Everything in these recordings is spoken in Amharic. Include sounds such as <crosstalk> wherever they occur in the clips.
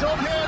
He's up here.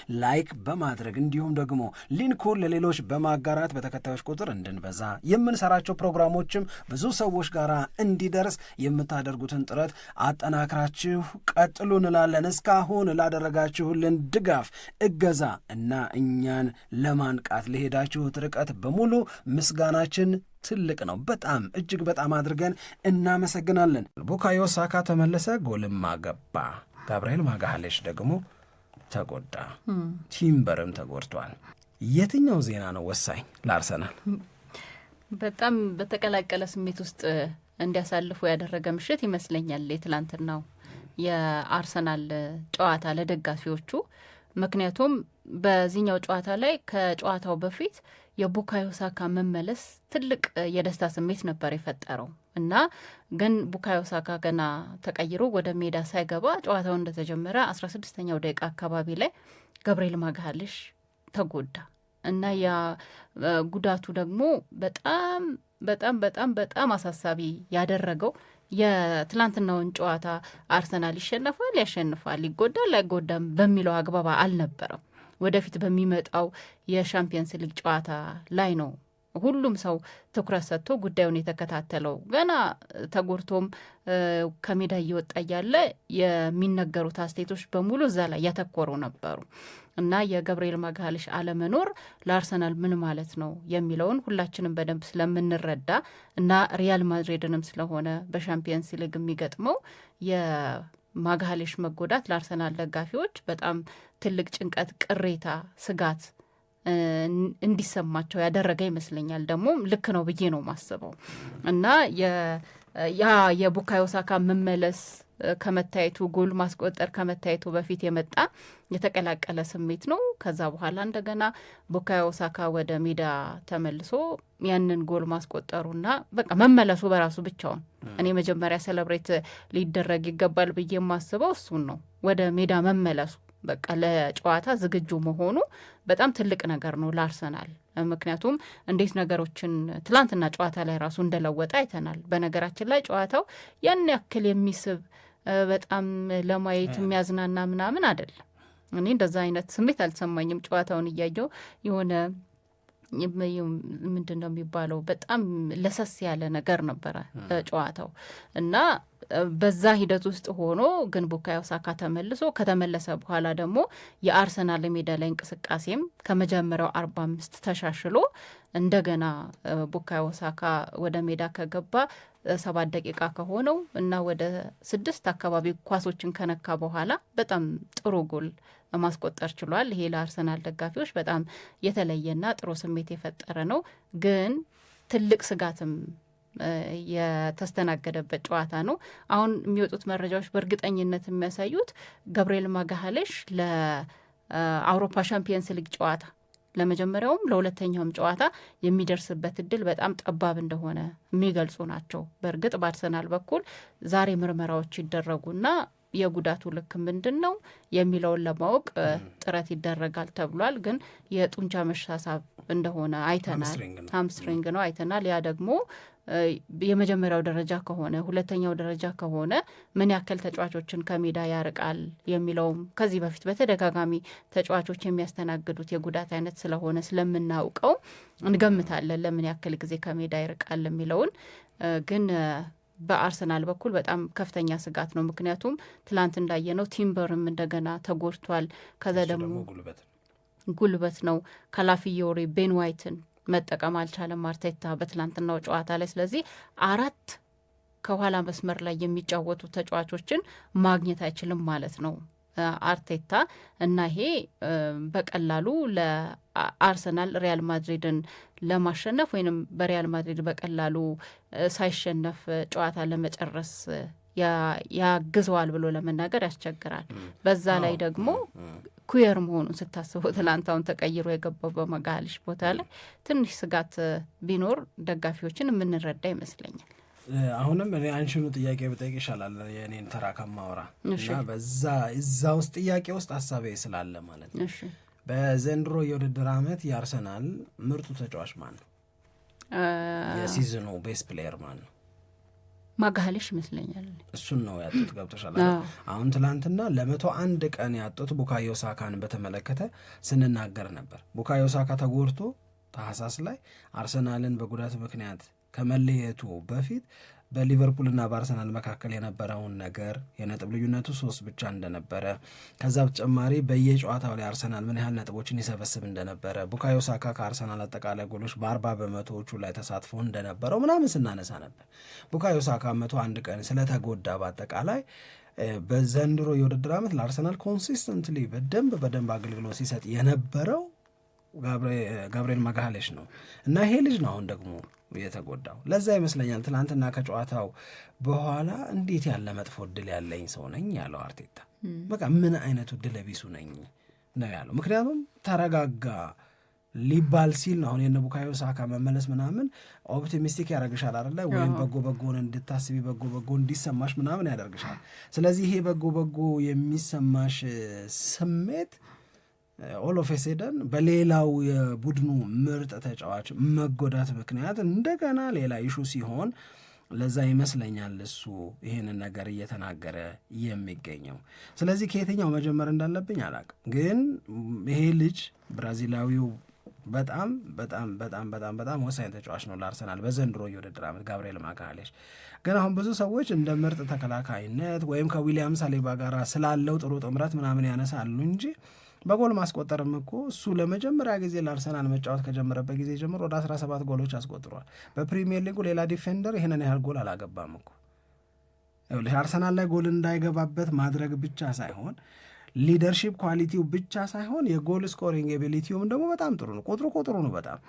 ላይክ በማድረግ እንዲሁም ደግሞ ሊንኩን ለሌሎች በማጋራት በተከታዮች ቁጥር እንድንበዛ የምንሰራቸው ፕሮግራሞችም ብዙ ሰዎች ጋር እንዲደርስ የምታደርጉትን ጥረት አጠናክራችሁ ቀጥሉ እንላለን። እስካሁን ላደረጋችሁልን ድጋፍ፣ እገዛ እና እኛን ለማንቃት ለሄዳችሁት ርቀት በሙሉ ምስጋናችን ትልቅ ነው። በጣም እጅግ በጣም አድርገን እናመሰግናለን። ቡካዮ ሳካ ተመለሰ፣ ጎልም አገባ። ጋብርኤል ማጋሃሌሽ ደግሞ ተጎዳ፣ ቲምበርም ተጎድቷል። የትኛው ዜና ነው ወሳኝ ለአርሰናል? በጣም በተቀላቀለ ስሜት ውስጥ እንዲያሳልፉ ያደረገ ምሽት ይመስለኛል የትላንትናው የአርሰናል ጨዋታ ለደጋፊዎቹ። ምክንያቱም በዚህኛው ጨዋታ ላይ ከጨዋታው በፊት የቡካዮ ሳካ መመለስ ትልቅ የደስታ ስሜት ነበር የፈጠረው። እና ግን ቡካዮ ሳካ ገና ተቀይሮ ወደ ሜዳ ሳይገባ ጨዋታው እንደተጀመረ አስራ ስድስተኛው ደቂቃ አካባቢ ላይ ገብርኤል ማግሃልሽ ተጎዳ እና ያ ጉዳቱ ደግሞ በጣም በጣም በጣም በጣም አሳሳቢ ያደረገው የትላንትናውን ጨዋታ አርሰናል ይሸነፋል፣ ያሸንፋል፣ ይጎዳል፣ አይጎዳም በሚለው አግባባ አልነበረም። ወደፊት በሚመጣው የሻምፒየንስ ሊግ ጨዋታ ላይ ነው ሁሉም ሰው ትኩረት ሰጥቶ ጉዳዩን የተከታተለው ገና ተጎድቶም ከሜዳ እየወጣ እያለ የሚነገሩት አስተያየቶች በሙሉ እዛ ላይ ያተኮሩ ነበሩ እና የገብርኤል ማግሃልሽ አለመኖር ለአርሰናል ምን ማለት ነው የሚለውን ሁላችንም በደንብ ስለምንረዳ እና ሪያል ማድሪድንም ስለሆነ በሻምፒየንስ ሊግ የሚገጥመው የማግሃልሽ መጎዳት ለአርሰናል ደጋፊዎች በጣም ትልቅ ጭንቀት፣ ቅሬታ፣ ስጋት እንዲሰማቸው ያደረገ ይመስለኛል። ደግሞ ልክ ነው ብዬ ነው ማስበው እና ያ የቡካዮ ሳካ መመለስ ከመታየቱ ጎል ማስቆጠር ከመታየቱ በፊት የመጣ የተቀላቀለ ስሜት ነው። ከዛ በኋላ እንደገና ቡካዮ ሳካ ወደ ሜዳ ተመልሶ ያንን ጎል ማስቆጠሩና በቃ መመለሱ በራሱ ብቻውን እኔ መጀመሪያ ሴሌብሬት ሊደረግ ይገባል ብዬ የማስበው እሱን ነው፣ ወደ ሜዳ መመለሱ በቃ ለጨዋታ ዝግጁ መሆኑ በጣም ትልቅ ነገር ነው ላርሰናል ምክንያቱም እንዴት ነገሮችን ትላንትና ጨዋታ ላይ ራሱ እንደለወጠ አይተናል። በነገራችን ላይ ጨዋታው ያን ያክል የሚስብ በጣም ለማየት የሚያዝናና ምናምን አይደለም። እኔ እንደዛ አይነት ስሜት አልተሰማኝም ጨዋታውን እያየው የሆነ ምንድን ነው የሚባለው በጣም ለሰስ ያለ ነገር ነበረ ጨዋታው እና በዛ ሂደት ውስጥ ሆኖ ግን ቡካዮ ሳካ ተመልሶ ከተመለሰ በኋላ ደግሞ የአርሰናል ሜዳ ላይ እንቅስቃሴም ከመጀመሪያው አርባ አምስት ተሻሽሎ እንደገና ቡካዮ ሳካ ወደ ሜዳ ከገባ ሰባት ደቂቃ ከሆነው እና ወደ ስድስት አካባቢ ኳሶችን ከነካ በኋላ በጣም ጥሩ ጎል ማስቆጠር ችሏል። ይሄ ለአርሰናል ደጋፊዎች በጣም የተለየና ጥሩ ስሜት የፈጠረ ነው። ግን ትልቅ ስጋትም የተስተናገደበት ጨዋታ ነው። አሁን የሚወጡት መረጃዎች በእርግጠኝነት የሚያሳዩት ገብርኤል ማጋሃሌሽ ለአውሮፓ ሻምፒየንስ ሊግ ጨዋታ ለመጀመሪያውም ለሁለተኛውም ጨዋታ የሚደርስበት እድል በጣም ጠባብ እንደሆነ የሚገልጹ ናቸው። በእርግጥ በአርሰናል በኩል ዛሬ ምርመራዎች ይደረጉና የጉዳቱ ልክ ምንድን ነው የሚለውን ለማወቅ ጥረት ይደረጋል ተብሏል። ግን የጡንቻ መሻሳብ እንደሆነ አይተናል። ሀምስትሪንግ ነው አይተናል። ያ ደግሞ የመጀመሪያው ደረጃ ከሆነ ሁለተኛው ደረጃ ከሆነ ምን ያክል ተጫዋቾችን ከሜዳ ያርቃል የሚለውም ከዚህ በፊት በተደጋጋሚ ተጫዋቾች የሚያስተናግዱት የጉዳት አይነት ስለሆነ ስለምናውቀው እንገምታለን ለምን ያክል ጊዜ ከሜዳ ይርቃል የሚለውን ግን በአርሰናል በኩል በጣም ከፍተኛ ስጋት ነው። ምክንያቱም ትላንት እንዳየነው ቲምበርም እንደገና ተጎድቷል። ከዛ ደግሞ ጉልበት ነው። ካላፊዮሪ ቤን ዋይትን መጠቀም አልቻለም አርቴታ በትላንትናው ጨዋታ ላይ። ስለዚህ አራት ከኋላ መስመር ላይ የሚጫወቱ ተጫዋቾችን ማግኘት አይችልም ማለት ነው። አርቴታ እና ይሄ በቀላሉ ለአርሰናል ሪያል ማድሪድን ለማሸነፍ ወይንም በሪያል ማድሪድ በቀላሉ ሳይሸነፍ ጨዋታ ለመጨረስ ያግዘዋል ብሎ ለመናገር ያስቸግራል። በዛ ላይ ደግሞ ኩየር መሆኑን ስታስበው ትላንታውን ተቀይሮ የገባው በመጋልሽ ቦታ ላይ ትንሽ ስጋት ቢኖር ደጋፊዎችን የምንረዳ ይመስለኛል። አሁንም እኔ አንሽኑ ጥያቄ ብጠይቅ ይሻላል የእኔን ተራ ከማወራ እና በዛ እዛ ውስጥ ጥያቄ ውስጥ ሀሳቤ ስላለ ማለት ነው። በዘንድሮ የውድድር አመት የአርሰናል ምርጡ ተጫዋች ማን ነው? የሲዝኑ ቤስ ፕሌየር ማን ነው? ማጋለሽ ይመስለኛል። እሱን ነው ያጡት። ገብቶሻል። አሁን ትናንትና ለመቶ አንድ ቀን ያጡት ቡካዮ ሳካን በተመለከተ ስንናገር ነበር። ቡካዮ ሳካ ተጎድቶ ታህሳስ ላይ አርሰናልን በጉዳት ምክንያት ከመለየቱ በፊት በሊቨርፑልና በአርሰናል መካከል የነበረውን ነገር የነጥብ ልዩነቱ ሶስት ብቻ እንደነበረ ከዛ በተጨማሪ በየጨዋታው ላይ አርሰናል ምን ያህል ነጥቦችን ይሰበስብ እንደነበረ ቡካዮ ሳካ ከአርሰናል አጠቃላይ ጎሎች በአርባ በመቶዎቹ ላይ ተሳትፎ እንደነበረው ምናምን ስናነሳ ነበር። ቡካዮ ሳካ መቶ አንድ ቀን ስለተጎዳ በአጠቃላይ በዘንድሮ የውድድር ዓመት ለአርሰናል ኮንሲስተንትሊ በደንብ በደንብ አገልግሎት ሲሰጥ የነበረው ጋብርኤል ማጋሌሽ ነው እና ይሄ ልጅ ነው አሁን ደግሞ የተጎዳው። ለዛ ይመስለኛል ትናንትና ከጨዋታው በኋላ እንዴት ያለ መጥፎ እድል ያለኝ ሰው ነኝ ያለው አርቴታ። በቃ ምን አይነቱ እድለ ቢሱ ነኝ ነው ያለው። ምክንያቱም ተረጋጋ ሊባል ሲል አሁን የነ ቡካዮ ሳካ መመለስ ምናምን ኦፕቲሚስቲክ ያደርግሻል አይደለ? ወይም በጎ በጎን እንድታስቢ በጎ በጎ እንዲሰማሽ ምናምን ያደርግሻል። ስለዚህ ይሄ በጎ በጎ የሚሰማሽ ስሜት ኦል ሴደን በሌላው የቡድኑ ምርጥ ተጫዋች መጎዳት ምክንያት እንደገና ሌላ ይሹ ሲሆን ለዛ ይመስለኛል እሱ ይህንን ነገር እየተናገረ የሚገኘው። ስለዚህ ከየትኛው መጀመር እንዳለብኝ አላቅም፣ ግን ይሄ ልጅ ብራዚላዊው በጣም በጣም በጣም በጣም በጣም ወሳኝ ተጫዋች ነው ለአርሰናል በዘንድሮ የውድድር ዓመት ጋብርኤል ማካሌሽ ግን አሁን ብዙ ሰዎች እንደ ምርጥ ተከላካይነት ወይም ከዊሊያም ሳሌባ ጋር ስላለው ጥሩ ጥምረት ምናምን ያነሳሉ እንጂ በጎል ማስቆጠርም እኮ እሱ ለመጀመሪያ ጊዜ ለአርሰናል መጫወት ከጀመረበት ጊዜ ጀምሮ ወደ 17 ጎሎች አስቆጥሯል። በፕሪሚየር ሊጉ ሌላ ዲፌንደር ይህንን ያህል ጎል አላገባም እኮ። አርሰናል ላይ ጎል እንዳይገባበት ማድረግ ብቻ ሳይሆን ሊደርሺፕ ኳሊቲው ብቻ ሳይሆን የጎል ስኮሪንግ ኤቢሊቲውም ደግሞ በጣም ጥሩ ነው። ቁጥሩ ቁጥሩ ነው በጣም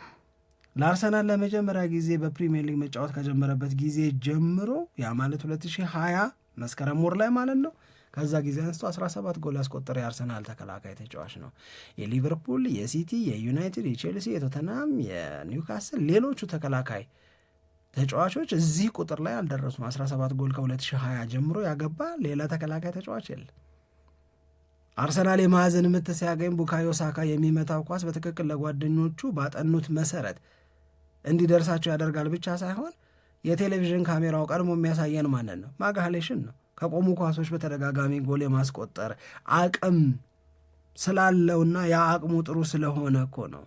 ለአርሰናል ለመጀመሪያ ጊዜ በፕሪሚየር ሊግ መጫወት ከጀመረበት ጊዜ ጀምሮ ያ ማለት 2020 መስከረም ወር ላይ ማለት ነው ከዛ ጊዜ አንስቶ 17 ጎል ያስቆጠረ የአርሰናል ተከላካይ ተጫዋች ነው። የሊቨርፑል፣ የሲቲ፣ የዩናይትድ፣ የቼልሲ፣ የቶተናም፣ የኒውካስል ሌሎቹ ተከላካይ ተጫዋቾች እዚህ ቁጥር ላይ አልደረሱም። 17 ጎል ከ2020 ጀምሮ ያገባ ሌላ ተከላካይ ተጫዋች የለ አርሰናል የማዕዘን ምት ሲያገኝ ቡካዮ ሳካ የሚመታው ኳስ በትክክል ለጓደኞቹ ባጠኑት መሰረት እንዲደርሳቸው ያደርጋል ብቻ ሳይሆን የቴሌቪዥን ካሜራው ቀድሞ የሚያሳየን ማንን ነው? ማጋሌሽን ነው። ከቆሙ ኳሶች በተደጋጋሚ ጎል የማስቆጠር አቅም ስላለውና ያ አቅሙ ጥሩ ስለሆነ እኮ ነው።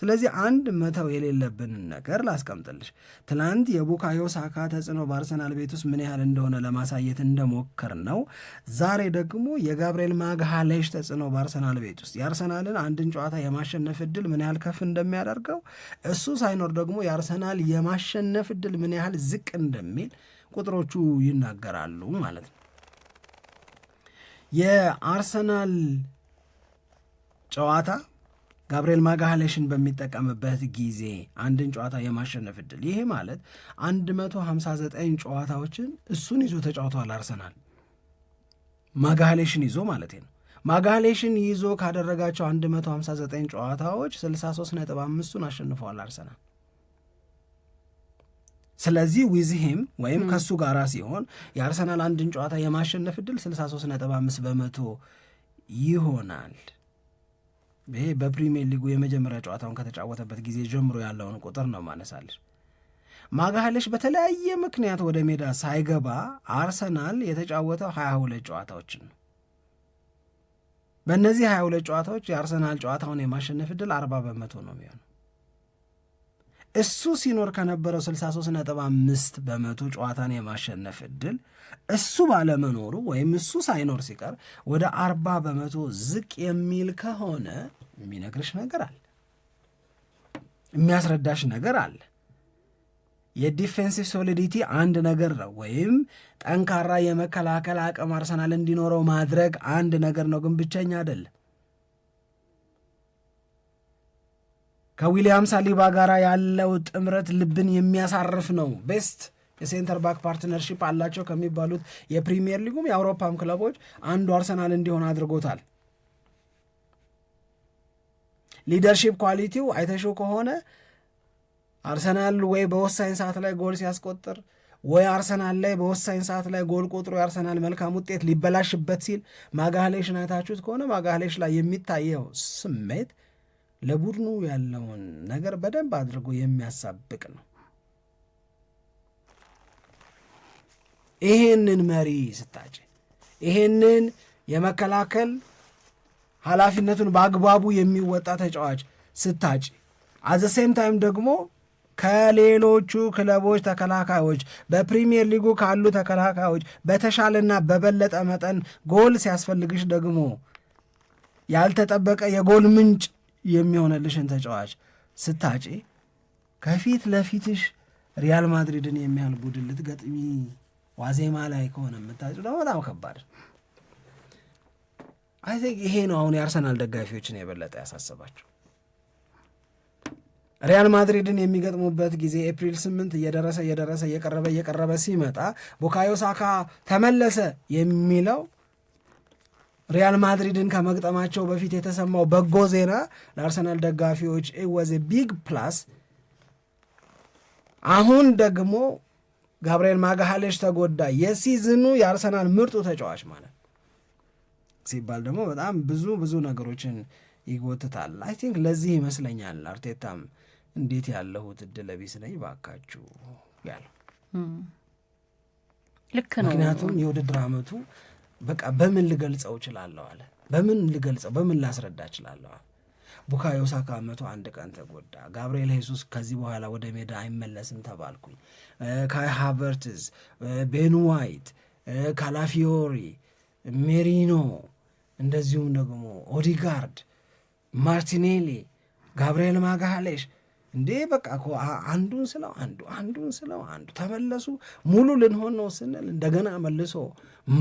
ስለዚህ አንድ መተው የሌለብንን ነገር ላስቀምጥልሽ። ትናንት የቡካዮ ሳካ ተጽዕኖ በአርሰናል ቤት ውስጥ ምን ያህል እንደሆነ ለማሳየት እንደሞከር ነው። ዛሬ ደግሞ የጋብርኤል ማግሃሌሽ ተጽዕኖ በአርሰናል ቤት ውስጥ የአርሰናልን አንድን ጨዋታ የማሸነፍ እድል ምን ያህል ከፍ እንደሚያደርገው፣ እሱ ሳይኖር ደግሞ የአርሰናል የማሸነፍ እድል ምን ያህል ዝቅ እንደሚል ቁጥሮቹ ይናገራሉ ማለት ነው። የአርሰናል ጨዋታ ጋብርኤል ማጋሃሌሽን በሚጠቀምበት ጊዜ አንድን ጨዋታ የማሸነፍ እድል ይሄ ማለት 159 ጨዋታዎችን እሱን ይዞ ተጫውተዋል አርሰናል ማጋሃሌሽን ይዞ ማለት ነው። ማጋሌሽን ይዞ ካደረጋቸው 159 ጨዋታዎች 63 ነጥብ አምስቱን አሸንፈዋል አርሰናል። ስለዚህ ዊዝሂም ወይም ከሱ ጋር ሲሆን የአርሰናል አንድን ጨዋታ የማሸነፍ ዕድል 63.5 በመቶ ይሆናል። ይሄ በፕሪሚየር ሊጉ የመጀመሪያ ጨዋታውን ከተጫወተበት ጊዜ ጀምሮ ያለውን ቁጥር ነው ማነሳለች። ማጋሃለሽ በተለያየ ምክንያት ወደ ሜዳ ሳይገባ አርሰናል የተጫወተው 22 ጨዋታዎችን ነው። በእነዚህ 22 ጨዋታዎች የአርሰናል ጨዋታውን የማሸነፍ እድል 40 በመቶ ነው የሚሆነው። እሱ ሲኖር ከነበረው ነባ5ስት በመቶ ጨዋታን የማሸነፍ እድል እሱ ባለመኖሩ ወይም እሱ ሳይኖር ሲቀር ወደ አርባ በመቶ ዝቅ የሚል ከሆነ የሚነግርሽ ነገር አለ፣ የሚያስረዳሽ ነገር አለ። የዲፌንሲቭ ሶሊዲቲ አንድ ነገር ነው፣ ወይም ጠንካራ የመከላከል አቅም አርሰናል እንዲኖረው ማድረግ አንድ ነገር ነው፣ ግን ብቸኛ አይደለም። ከዊሊያም ሳሊባ ጋር ያለው ጥምረት ልብን የሚያሳርፍ ነው። ቤስት የሴንተር ባክ ፓርትነርሺፕ አላቸው ከሚባሉት የፕሪሚየር ሊጉም የአውሮፓም ክለቦች አንዱ አርሰናል እንዲሆን አድርጎታል። ሊደርሺፕ ኳሊቲው አይተሹ ከሆነ አርሰናል ወይ በወሳኝ ሰዓት ላይ ጎል ሲያስቆጥር ወይ አርሰናል ላይ በወሳኝ ሰዓት ላይ ጎል ቆጥሮ የአርሰናል መልካም ውጤት ሊበላሽበት ሲል ማጋህሌሽን አይታችሁት ከሆነ ማጋህሌሽ ላይ የሚታየው ስሜት ለቡድኑ ያለውን ነገር በደንብ አድርጎ የሚያሳብቅ ነው። ይሄንን መሪ ስታጭ ይሄንን የመከላከል ኃላፊነቱን በአግባቡ የሚወጣ ተጫዋች ስታጭ አዘ ሴም ታይም ደግሞ ከሌሎቹ ክለቦች ተከላካዮች በፕሪሚየር ሊጉ ካሉ ተከላካዮች በተሻለና በበለጠ መጠን ጎል ሲያስፈልግሽ ደግሞ ያልተጠበቀ የጎል ምንጭ የሚሆነልሽን ተጫዋች ስታጪ ከፊት ለፊትሽ ሪያል ማድሪድን የሚያህል ቡድን ልትገጥሚ ዋዜማ ላይ ከሆነ የምታጭ ደግሞ በጣም ከባድ አይ ቲንክ ይሄ ነው አሁን የአርሰናል ደጋፊዎችን የበለጠ ያሳስባቸው። ሪያል ማድሪድን የሚገጥሙበት ጊዜ ኤፕሪል ስምንት እየደረሰ እየደረሰ እየቀረበ እየቀረበ ሲመጣ ቡካዮ ሳካ ተመለሰ የሚለው ሪያል ማድሪድን ከመግጠማቸው በፊት የተሰማው በጎ ዜና ለአርሰናል ደጋፊዎች ወዘ ቢግ ፕላስ። አሁን ደግሞ ጋብርኤል ማጋሃሌሽ ተጎዳ፣ የሲዝኑ የአርሰናል ምርጡ ተጫዋች ማለት ሲባል ደግሞ በጣም ብዙ ብዙ ነገሮችን ይጎትታል። አይ ቲንክ ለዚህ ይመስለኛል አርቴታም እንዴት ያለሁት እድለ ቢስ ነኝ ባካችሁ ያለው። ልክ ነው። ምክንያቱም የውድድር ዓመቱ በቃ በምን ልገልጸው እችላለሁ አለ። በምን ልገልጸው በምን ላስረዳ እችላለሁ አለ። ቡካዮ ሳካ መቶ አንድ ቀን ተጎዳ። ጋብርኤል ሄሱስ ከዚህ በኋላ ወደ ሜዳ አይመለስም ተባልኩኝ። ካይ ሃቨርትዝ፣ ቤን ዋይት፣ ካላፊዮሪ፣ ሜሪኖ እንደዚሁም ደግሞ ኦዲጋርድ፣ ማርቲኔሊ፣ ጋብርኤል ማጋሌሽ እንዴ በቃ አንዱን ስለው አንዱ አንዱን ስለው አንዱ ተመለሱ። ሙሉ ልንሆን ነው ስንል እንደገና መልሶ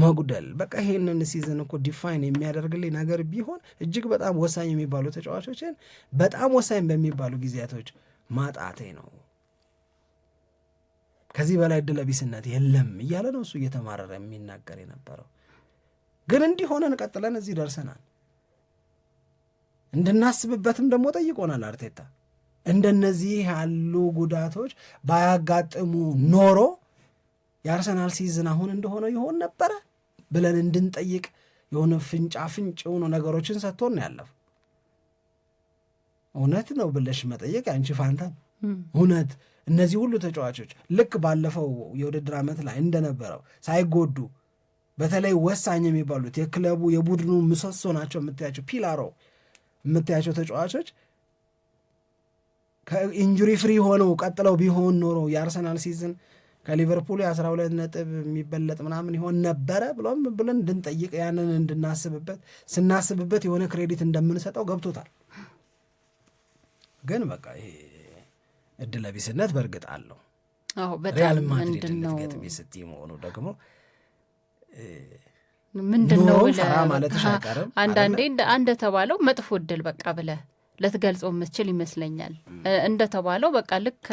መጉደል። በቃ ይሄንን ሲዝን እኮ ዲፋይን የሚያደርግልኝ ነገር ቢሆን እጅግ በጣም ወሳኝ የሚባሉ ተጫዋቾችን በጣም ወሳኝ በሚባሉ ጊዜያቶች ማጣቴ ነው። ከዚህ በላይ ድለቢስነት የለም እያለ ነው እሱ እየተማረረ የሚናገር የነበረው። ግን እንዲህ ሆነን ቀጥለን እዚህ ደርሰናል። እንድናስብበትም ደግሞ ጠይቆናል አርቴታ እንደነዚህ ያሉ ጉዳቶች ባያጋጥሙ ኖሮ የአርሰናል ሲዝን አሁን እንደሆነ ይሆን ነበረ ብለን እንድንጠይቅ የሆነ ፍንጫ ፍንጭ የሆኑ ነገሮችን ሰጥቶን ያለፉ። እውነት ነው ብለሽ መጠየቅ አንቺ ፋንታ እውነት እነዚህ ሁሉ ተጫዋቾች ልክ ባለፈው የውድድር ዓመት ላይ እንደነበረው ሳይጎዱ በተለይ ወሳኝ የሚባሉት የክለቡ የቡድኑ ምሰሶ ናቸው የምታያቸው ፒላሮ የምታያቸው ተጫዋቾች ከኢንጁሪ ፍሪ ሆነው ቀጥለው ቢሆን ኖሮ የአርሰናል ሲዝን ከሊቨርፑል የአስራ ሁለት ነጥብ የሚበለጥ ምናምን ይሆን ነበረ ብሎም ብለን እንድንጠይቅ ያንን እንድናስብበት ስናስብበት የሆነ ክሬዲት እንደምንሰጠው ገብቶታል። ግን በቃ ይሄ እድለ ቢስነት በእርግጥ አለው። ሪያል ማድሪድ ልትገጥሚ ስትይ መሆኑ ደግሞ ምንድን ነው ፈራ ማለት አይቀርም። አንዳንዴ ተባለው መጥፎ እድል በቃ ብለህ ልትገልጸው የምትችል ይመስለኛል። እንደተባለው በቃ ልክ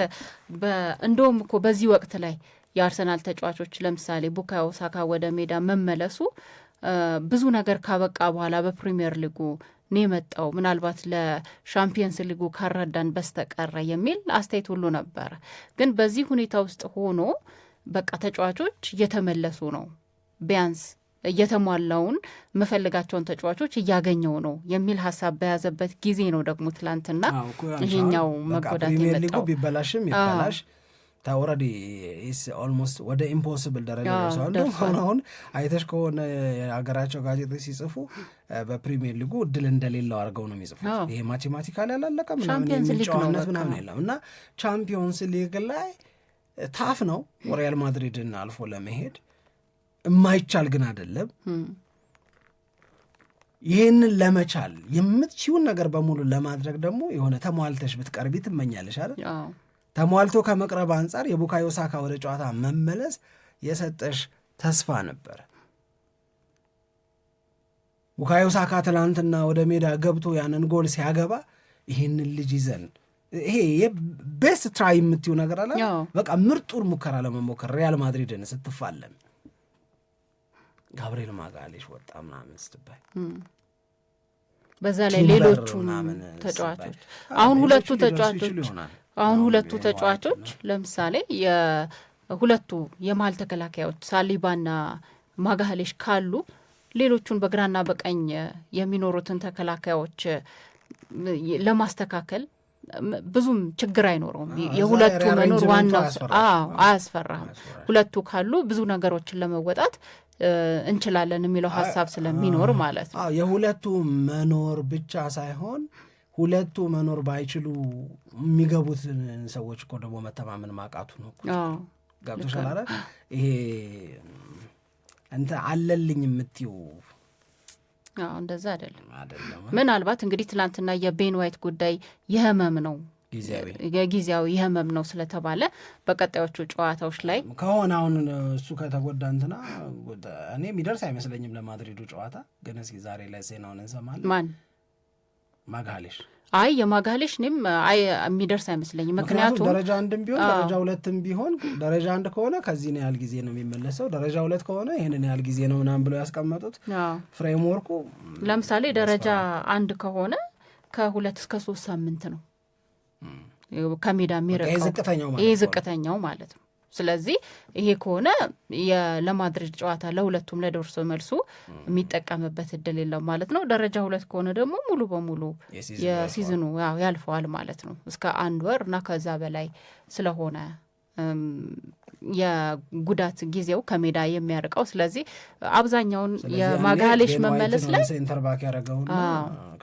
እንደውም እኮ በዚህ ወቅት ላይ የአርሰናል ተጫዋቾች ለምሳሌ ቡካዮ ሳካ ወደ ሜዳ መመለሱ ብዙ ነገር ካበቃ በኋላ በፕሪሚየር ሊጉ ነው የመጣው ምናልባት ለሻምፒየንስ ሊጉ ካረዳን በስተቀረ የሚል አስተያየት ሁሉ ነበረ። ግን በዚህ ሁኔታ ውስጥ ሆኖ በቃ ተጫዋቾች እየተመለሱ ነው ቢያንስ እየተሟላውን የምፈልጋቸውን ተጫዋቾች እያገኘው ነው የሚል ሀሳብ በያዘበት ጊዜ ነው ደግሞ ትላንትና ይሄኛው መጎዳት የመጣው። ቢበላሽም ይበላሽ ኦልሬዲ ኦልሞስት ወደ ኢምፖስብል ደረጃ ደርሰዋል። ሆነ አሁን አይተሽ ከሆነ የሀገራቸው ጋዜጦች ሲጽፉ በፕሪሚየር ሊጉ እድል እንደሌለው አድርገው ነው የሚጽፉት። ይሄ ማቴማቲካል ያላለቀ ምናምን የሚጫዋነት ምናምን የለም እና ቻምፒዮንስ ሊግ ላይ ታፍ ነው ሪያል ማድሪድን አልፎ ለመሄድ የማይቻል ግን አይደለም። ይህንን ለመቻል የምትችውን ነገር በሙሉ ለማድረግ ደግሞ የሆነ ተሟልተሽ ብትቀርቢ ትመኛለሽ አይደል? ተሟልቶ ከመቅረብ አንጻር የቡካዮ ሳካ ወደ ጨዋታ መመለስ የሰጠሽ ተስፋ ነበር። ቡካዮ ሳካ ትናንትና ወደ ሜዳ ገብቶ ያንን ጎል ሲያገባ ይህንን ልጅ ይዘን ይሄ የቤስት ትራይ የምትይው ነገር አለ በቃ ምርጡን ሙከራ ለመሞከር ሪያል ማድሪድን ስትፋለም ጋብርኤል ማጋሌሽ ወጣ ምናምን ስትባይ በዛ ላይ ሌሎቹ ተጫዋቾች አሁን ሁለቱ ተጫዋቾች አሁን ሁለቱ ተጫዋቾች ለምሳሌ ሁለቱ የመሀል ተከላካዮች ሳሊባና ማጋሌሽ ካሉ ሌሎቹን በግራና በቀኝ የሚኖሩትን ተከላካዮች ለማስተካከል ብዙም ችግር አይኖረውም። የሁለቱ መኖር ዋናው አያስፈራህም። ሁለቱ ካሉ ብዙ ነገሮችን ለመወጣት እንችላለን የሚለው ሀሳብ ስለሚኖር ማለት ነው። የሁለቱ መኖር ብቻ ሳይሆን ሁለቱ መኖር ባይችሉ የሚገቡት ሰዎች እኮ ደግሞ መተማመን ማቃቱ ነው። ገብቶሻል አይደል? ይሄ እንተ አለልኝ የምትይው እንደዛ አይደለም። ምናልባት እንግዲህ ትናንትና የቤን ዋይት ጉዳይ የህመም ነው የጊዜያዊ ህመም ነው ስለተባለ በቀጣዮቹ ጨዋታዎች ላይ ከሆነ አሁን እሱ ከተጎዳ እንትና እኔ የሚደርስ አይመስለኝም ለማድሪዱ ጨዋታ ግን እስኪ ዛሬ ላይ ዜናውን እንሰማለን። ማን ማግሃሌሽ አይ የማግሃሌሽ እኔም አይ የሚደርስ አይመስለኝም። ምክንያቱም ደረጃ አንድም ቢሆን ደረጃ ሁለትም ቢሆን ደረጃ አንድ ከሆነ ነው ያህል ጊዜ ነው የሚመለሰው፣ ደረጃ ሁለት ከሆነ ይህንን ያህል ጊዜ ነው ምናምን ብለው ያስቀመጡት ፍሬምወርኩ። ለምሳሌ ደረጃ አንድ ከሆነ ከሁለት እስከ ሶስት ሳምንት ነው ከሜዳ የሚረቀው ይህ ዝቅተኛው ማለት ነው። ስለዚህ ይሄ ከሆነ ለማድሪድ ጨዋታ ለሁለቱም ለደርሶ መልሱ የሚጠቀምበት እድል የለም ማለት ነው። ደረጃ ሁለት ከሆነ ደግሞ ሙሉ በሙሉ የሲዝኑ ያልፈዋል ማለት ነው። እስከ አንድ ወር እና ከዛ በላይ ስለሆነ የጉዳት ጊዜው ከሜዳ የሚያርቀው ስለዚህ አብዛኛውን የማጋሌሽ መመለስ ላይ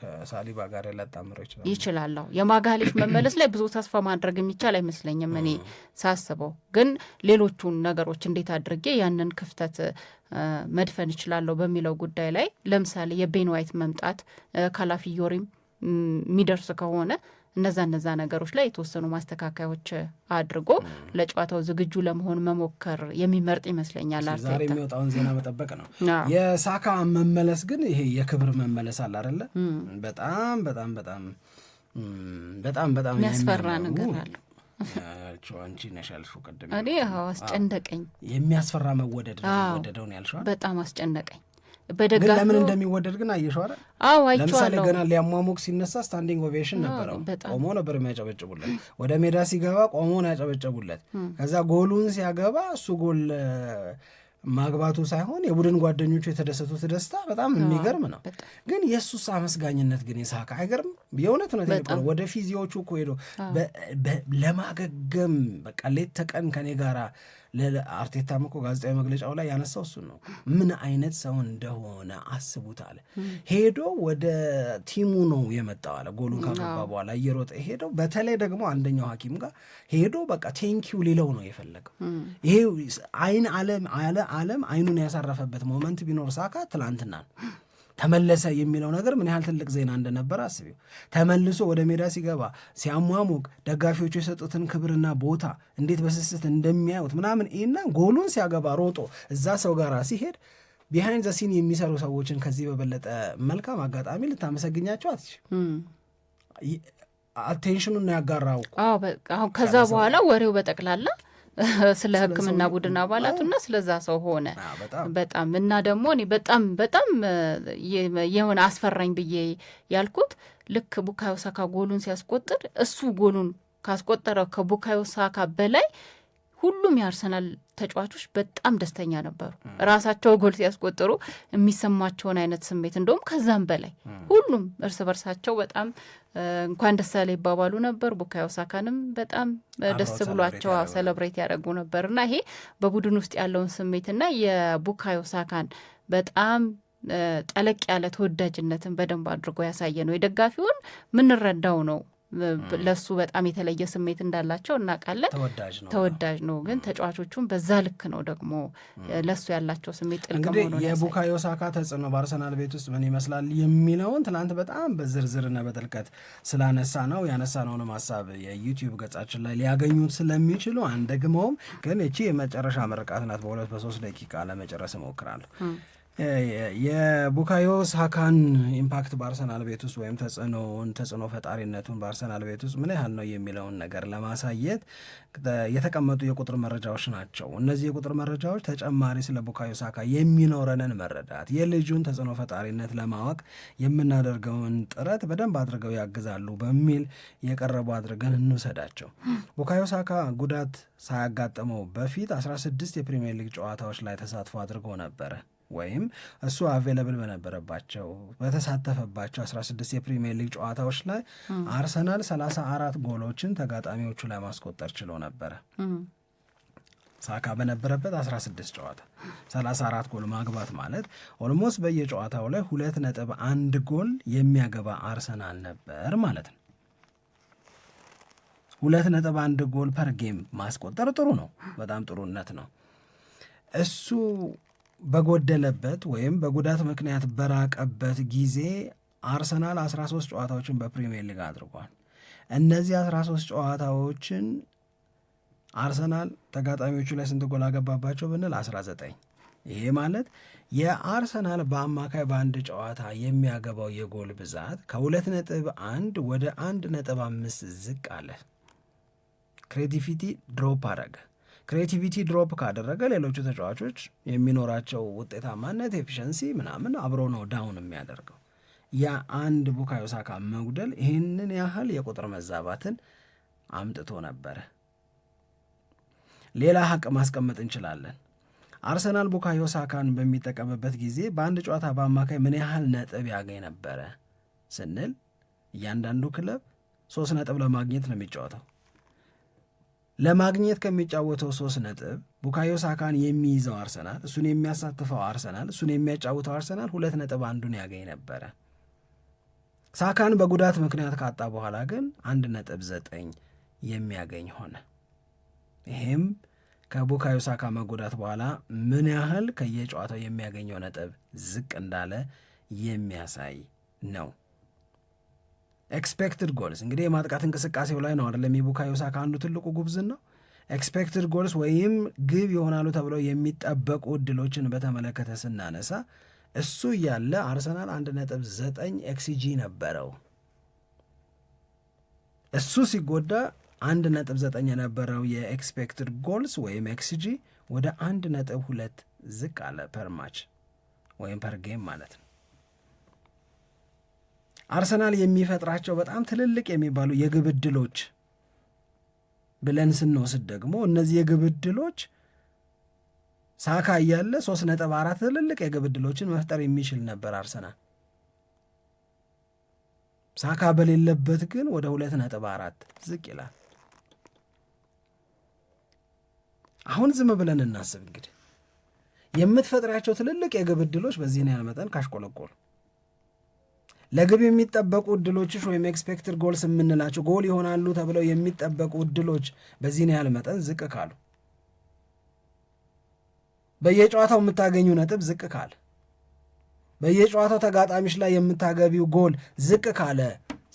ከሳሊባ ጋር ይችላል ይችላለሁ። የማጋሌሽ መመለስ ላይ ብዙ ተስፋ ማድረግ የሚቻል አይመስለኝም። እኔ ሳስበው ግን ሌሎቹን ነገሮች እንዴት አድርጌ ያንን ክፍተት መድፈን እችላለሁ በሚለው ጉዳይ ላይ ለምሳሌ የቤን ዋይት መምጣት ካላፊዮሪም የሚደርስ ከሆነ እነዛ እነዛ ነገሮች ላይ የተወሰኑ ማስተካከያዎች አድርጎ ለጨዋታው ዝግጁ ለመሆን መሞከር የሚመርጥ ይመስለኛል። ዛሬ የሚወጣውን ዜና መጠበቅ ነው። የሳካ መመለስ ግን ይሄ የክብር መመለስ አለ አይደለ? በጣም በጣም በጣም በጣም በጣም የሚያስፈራ ነገር አለ። አንቺ ነሽ ያልሽው ቅድም እኔ አስጨነቀኝ። የሚያስፈራ መወደድ ነው። ወደደውን ያልሽዋል። በጣም አስጨነቀኝ። በደጋፊው ለምን እንደሚወደድ ግን አየሸዋረ አዎ አይቼዋለሁ። ለምሳሌ ገና ሊያሟሙቅ ሲነሳ ስታንዲንግ ኦቬሽን ነበረው። ቆሞ ነበር የሚያጨበጭቡለት። ወደ ሜዳ ሲገባ ቆሞ ነው ያጨበጨቡለት። ከዛ ጎሉን ሲያገባ እሱ ጎል ማግባቱ ሳይሆን የቡድን ጓደኞቹ የተደሰቱት ደስታ በጣም የሚገርም ነው። ግን የእሱስ አመስጋኝነት ግን የሳካ አይገርም። የእውነት ነው። ወደ ፊዚዎቹ እኮ ሄዶ ለማገገም በቃ ሌት ተቀን ከኔ ጋራ አርቴታም እኮ ጋዜጣዊ መግለጫው ላይ ያነሳው እሱ ነው። ምን አይነት ሰው እንደሆነ አስቡት አለ። ሄዶ ወደ ቲሙ ነው የመጣው አለ። ጎሉን ካገባ በኋላ እየሮጠ ሄደው፣ በተለይ ደግሞ አንደኛው ሐኪም ጋር ሄዶ በቃ ቴንኪው ሌለው ነው የፈለገው። ይሄ አይን አለም አለ አለም አይኑን ያሳረፈበት ሞመንት ቢኖር ሳካ ትላንትና ነው ተመለሰ የሚለው ነገር ምን ያህል ትልቅ ዜና እንደነበረ አስቢው። ተመልሶ ወደ ሜዳ ሲገባ ሲያሟሙቅ፣ ደጋፊዎቹ የሰጡትን ክብርና ቦታ እንዴት በስስት እንደሚያዩት ምናምን ይህና ጎሉን ሲያገባ ሮጦ እዛ ሰው ጋር ሲሄድ ቢሃይንድ ዘ ሲን የሚሰሩ ሰዎችን ከዚህ በበለጠ መልካም አጋጣሚ ልታመሰግኛቸው አትች አቴንሽኑን ያጋራው። አሁን ከዛ በኋላ ወሬው በጠቅላላ <laughs> ስለ ህክምና ቡድን አባላቱና ስለዛ ሰው ሆነ በጣም እና ደግሞ እኔ በጣም በጣም የሆነ አስፈራኝ ብዬ ያልኩት ልክ ቡካዮ ሳካ ጎሉን ሲያስቆጥር እሱ ጎሉን ካስቆጠረው ከቡካዮ ሳካ በላይ ሁሉም የአርሰናል ተጫዋቾች በጣም ደስተኛ ነበሩ። ራሳቸው ጎል ሲያስቆጥሩ የሚሰማቸውን አይነት ስሜት እንደውም ከዛም በላይ ሁሉም እርስ በርሳቸው በጣም እንኳን ደስ ያለ ይባባሉ ነበር። ቡካዮ ሳካንም በጣም ደስ ብሏቸው ሰለብሬት ያደረጉ ነበር እና ይሄ በቡድን ውስጥ ያለውን ስሜትና የቡካዮ ሳካን በጣም ጠለቅ ያለ ተወዳጅነትን በደንብ አድርጎ ያሳየ ነው። የደጋፊውን ምንረዳው ነው ለሱ በጣም የተለየ ስሜት እንዳላቸው እናውቃለን። ተወዳጅ ነው፣ ግን ተጫዋቾቹም በዛ ልክ ነው ደግሞ ለሱ ያላቸው ስሜት ጥልቅ እንግዲህ የቡካዮ ሳካ ተጽዕኖ በአርሰናል ቤት ውስጥ ምን ይመስላል የሚለውን ትናንት በጣም በዝርዝርና በጥልቀት ስላነሳ ነው ያነሳነውንም ሀሳብ የዩቲዩብ ገጻችን ላይ ሊያገኙት ስለሚችሉ አንደግመውም። ግን እቺ የመጨረሻ ምርቃት ናት። በሁለት በሶስት ደቂቃ ለመጨረስ እሞክራለሁ። የቡካዮ ሳካን ኢምፓክት በአርሰናል ቤት ውስጥ ወይም ተጽዕኖውን ተጽዕኖ ፈጣሪነቱን በአርሰናል ቤት ውስጥ ምን ያህል ነው የሚለውን ነገር ለማሳየት የተቀመጡ የቁጥር መረጃዎች ናቸው። እነዚህ የቁጥር መረጃዎች ተጨማሪ ስለ ቡካዮ ሳካ የሚኖረንን መረዳት፣ የልጁን ተጽዕኖ ፈጣሪነት ለማወቅ የምናደርገውን ጥረት በደንብ አድርገው ያግዛሉ በሚል የቀረቡ አድርገን እንውሰዳቸው። ቡካዮ ሳካ ጉዳት ሳያጋጥመው በፊት 16 የፕሪሚየር ሊግ ጨዋታዎች ላይ ተሳትፎ አድርጎ ነበረ። ወይም እሱ አቬለብል በነበረባቸው በተሳተፈባቸው 16 የፕሪሚየር ሊግ ጨዋታዎች ላይ አርሰናል 34 ጎሎችን ተጋጣሚዎቹ ላይ ማስቆጠር ችሎ ነበረ። ሳካ በነበረበት 16 ጨዋታ 34 ጎል ማግባት ማለት ኦልሞስት በየጨዋታው ላይ ሁለት ነጥብ አንድ ጎል የሚያገባ አርሰናል ነበር ማለት ነው። ሁለት ነጥብ አንድ ጎል ፐር ጌም ማስቆጠር ጥሩ ነው፣ በጣም ጥሩነት ነው እሱ በጎደለበት ወይም በጉዳት ምክንያት በራቀበት ጊዜ አርሰናል 13 ጨዋታዎችን በፕሪሚየር ሊግ አድርጓል። እነዚህ 13 ጨዋታዎችን አርሰናል ተጋጣሚዎቹ ላይ ስንት ጎል አገባባቸው ብንል 19። ይሄ ማለት የአርሰናል በአማካይ በአንድ ጨዋታ የሚያገባው የጎል ብዛት ከሁለት ነጥብ አንድ ወደ አንድ ነጥብ አምስት ዝቅ አለ። ክሬቲቪቲ ድሮፕ አረገ። ክሬቲቪቲ ድሮፕ ካደረገ ሌሎቹ ተጫዋቾች የሚኖራቸው ውጤታማነት ኤፊሸንሲ ምናምን አብሮ ነው ዳውን የሚያደርገው። የአንድ ቡካዮ ሳካ መጉደል ይህንን ያህል የቁጥር መዛባትን አምጥቶ ነበረ። ሌላ ሀቅ ማስቀመጥ እንችላለን። አርሰናል ቡካዮ ሳካን በሚጠቀምበት ጊዜ በአንድ ጨዋታ በአማካይ ምን ያህል ነጥብ ያገኝ ነበረ ስንል እያንዳንዱ ክለብ ሶስት ነጥብ ለማግኘት ነው የሚጫወተው። ለማግኘት ከሚጫወተው ሶስት ነጥብ ቡካዮ ሳካን የሚይዘው አርሰናል እሱን የሚያሳትፈው አርሰናል እሱን የሚያጫውተው አርሰናል ሁለት ነጥብ አንዱን ያገኝ ነበረ። ሳካን በጉዳት ምክንያት ካጣ በኋላ ግን አንድ ነጥብ ዘጠኝ የሚያገኝ ሆነ። ይሄም ከቡካዮ ሳካ መጎዳት በኋላ ምን ያህል ከየጨዋታው የሚያገኘው ነጥብ ዝቅ እንዳለ የሚያሳይ ነው። ኤክስፔክትድ ጎልስ እንግዲህ የማጥቃት እንቅስቃሴው ላይ ነው አይደለም የቡካዮ ሳካ አንዱ ትልቁ ጉብዝን ነው። ኤክስፔክትድ ጎልስ ወይም ግብ ይሆናሉ ተብለው የሚጠበቁ እድሎችን በተመለከተ ስናነሳ እሱ እያለ አርሰናል አንድ ነጥብ ዘጠኝ ኤክስጂ ነበረው። እሱ ሲጎዳ አንድ ነጥብ ዘጠኝ የነበረው የኤክስፔክትድ ጎልስ ወይም ኤክስጂ ወደ አንድ ነጥብ ሁለት ዝቅ አለ ፐርማች ወይም ፐር ጌም ማለት ነው። አርሰናል የሚፈጥራቸው በጣም ትልልቅ የሚባሉ የግብ ዕድሎች ብለን ስንወስድ ደግሞ እነዚህ የግብ ዕድሎች ሳካ እያለ ሶስት ነጥብ አራት ትልልቅ የግብ ዕድሎችን መፍጠር የሚችል ነበር አርሰናል። ሳካ በሌለበት ግን ወደ ሁለት ነጥብ አራት ዝቅ ይላል። አሁን ዝም ብለን እናስብ እንግዲህ የምትፈጥሪያቸው ትልልቅ የግብ ዕድሎች በዚህን ያህል መጠን ካሽቆለቆሉ ለግብ የሚጠበቁ እድሎችሽ ወይም ኤክስፔክትድ ጎልስ የምንላቸው ጎል ይሆናሉ ተብለው የሚጠበቁ እድሎች በዚህን ያህል መጠን ዝቅ ካሉ፣ በየጨዋታው የምታገኙ ነጥብ ዝቅ ካለ፣ በየጨዋታው ተጋጣሚሽ ላይ የምታገቢው ጎል ዝቅ ካለ፣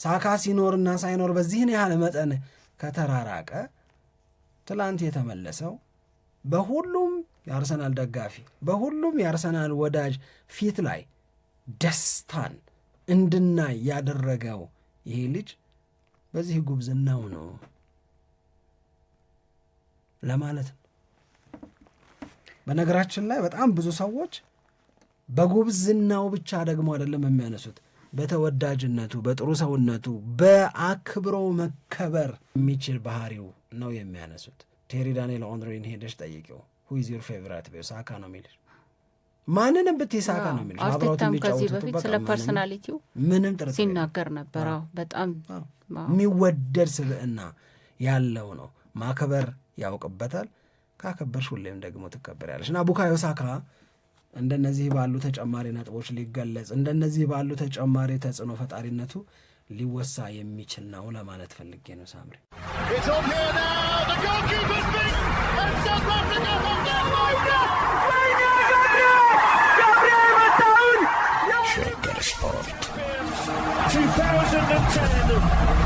ሳካ ሲኖርና ሳይኖር በዚህን ያህል መጠን ከተራራቀ ትላንት የተመለሰው በሁሉም የአርሰናል ደጋፊ በሁሉም የአርሰናል ወዳጅ ፊት ላይ ደስታን እንድናይ ያደረገው ይሄ ልጅ በዚህ ጉብዝናው ነው ለማለት ነው። በነገራችን ላይ በጣም ብዙ ሰዎች በጉብዝናው ብቻ ደግሞ አይደለም የሚያነሱት፣ በተወዳጅነቱ፣ በጥሩ ሰውነቱ፣ በአክብሮ መከበር የሚችል ባህሪው ነው የሚያነሱት። ቴሪ ዳንኤል ኦንሪን ሄደሽ ጠይቂው ሁይዝ ዮር ፌቨራት ቢው ሳካ ነው የሚልሽ ማንንም ብትሳካ ነው የሚል አርቴታም ከዚህ በፊት ስለ ፐርሶናሊቲው ምንም ጥርጥር ሲናገር ነበር። በጣም የሚወደድ ስብዕና ያለው ነው። ማክበር ያውቅበታል። ካከበርሽ ሁሌም ደግሞ ትከበሪያለሽ እና ቡካዮ ሳካ እንደነዚህ ባሉ ተጨማሪ ነጥቦች ሊገለጽ እንደነዚህ ባሉ ተጨማሪ ተጽዕኖ ፈጣሪነቱ ሊወሳ የሚችል ነው ለማለት ፈልጌ ነው ሳምሪ Trigger Sport. 2010.